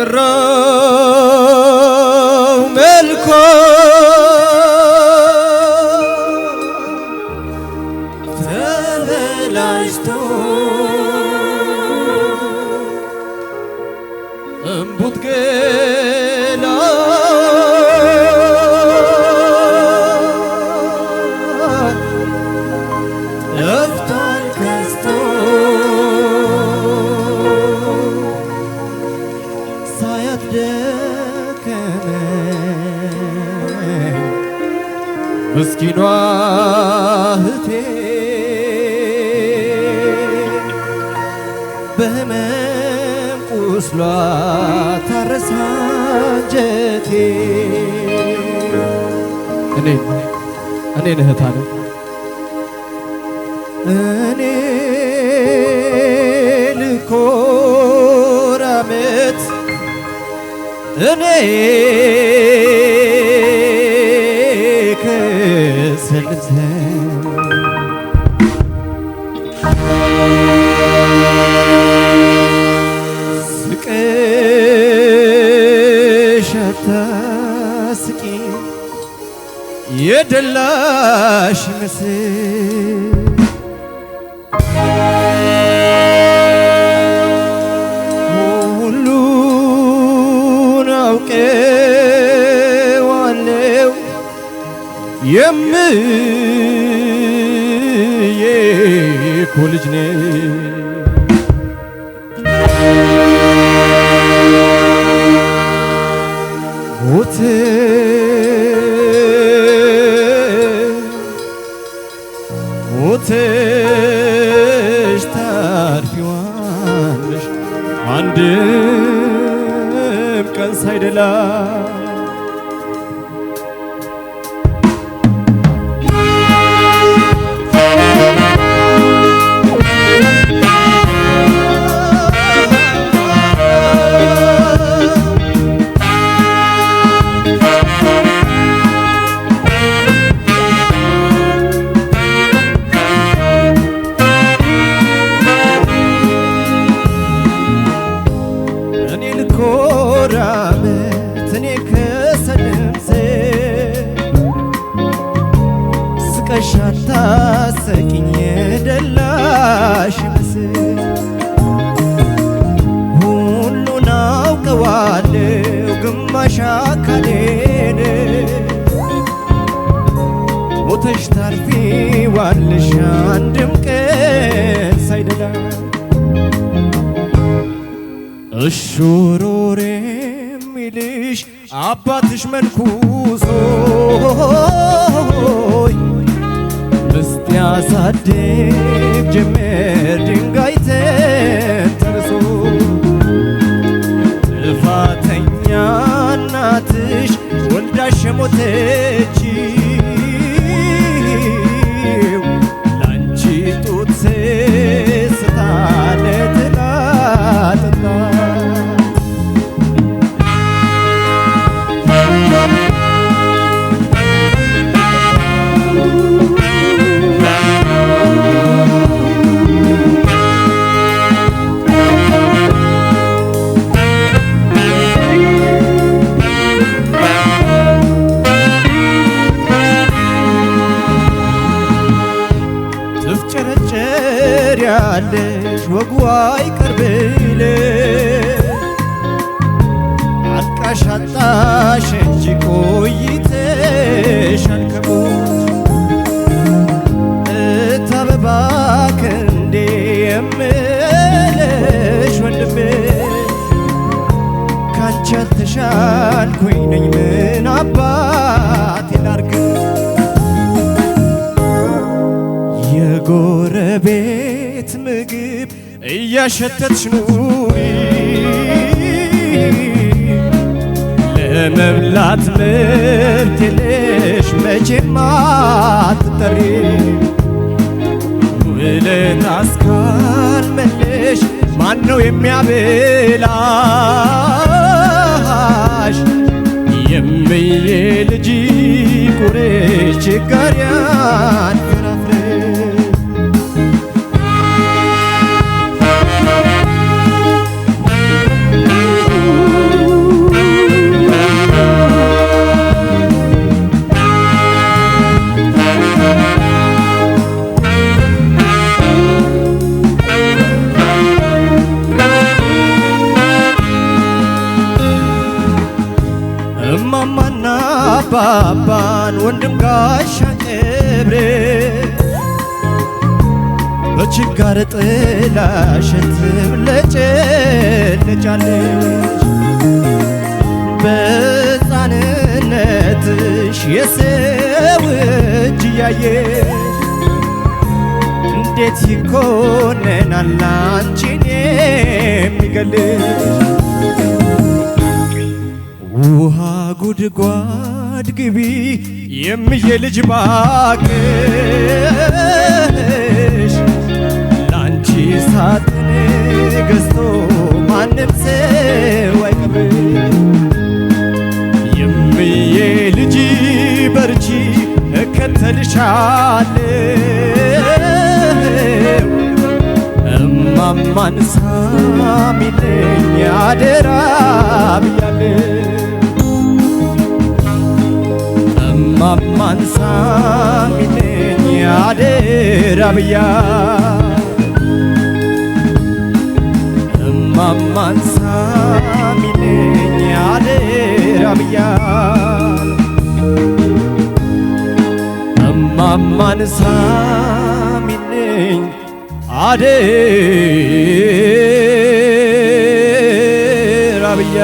ስራው መልኮ ተበላሽቶ እምቡት ግን ምስኪኗ እህቴ በህመም ቁስሏ ታረሳ አንጀቴ እኔ እኔ እህት አለ እኔ ልኮራመት እኔ የደላሽ ምስል ሁሉን አውቄዋለሁ የምዬ እኮ ልጅ ነኝ ሞቴ አንድም ቀን ሳይደላ አካሌን ሞተሽ ታርፊዋለሽ አንድም ቀን ሳይደላ እሹሩሬ የሚልሽ አባትሽ መንኩሶ ምስት ያሳድግ ጀመር ድንጋይ ተንተርሶ ሞተች ትሄዳለሽ ወጉ አይቀርብልሽ አልቃሽ አጣሽ እንጂ ቆይተሽ አንከቦች እታበባ ክንዴ ወንድሜ ካንቺ አልተሻልኩኝ ነኝ ምን የጎረቤ ቤት ምግብ እያሸተትሽ ኑሪ ለመብላት ምርት የለሽ መቼም አትጠሪ ውለታስ ካልመለሽ ማን ነው የሚያበላሽ? የምዬ ልጅ ቁሬ ችጋርያን አባን ወንድም ጋሻ ጀብሬ በችጋር ጥላሽን ትብለጨለጫለች በሕፃንነትሽ የሰው እጅ እያየ እንዴት ይኮነናል አንቺን የሚገልሽ ውሃ ጉድጓድ ግቢ የምዬ ልጅ ባክሽ ላንቺ ሳጥን ገዝቶ ማንም ሰው አይቀርብሽ የምዬ ልጅ በርቺ እከተልሻለሁ እማማን ሳሚልኝ አደራ ሚነኝ አደራ ብያ እማማንሳ ሚነኝ አደራ ብያ እማማንሳ ሚነኝ አደራ ብያ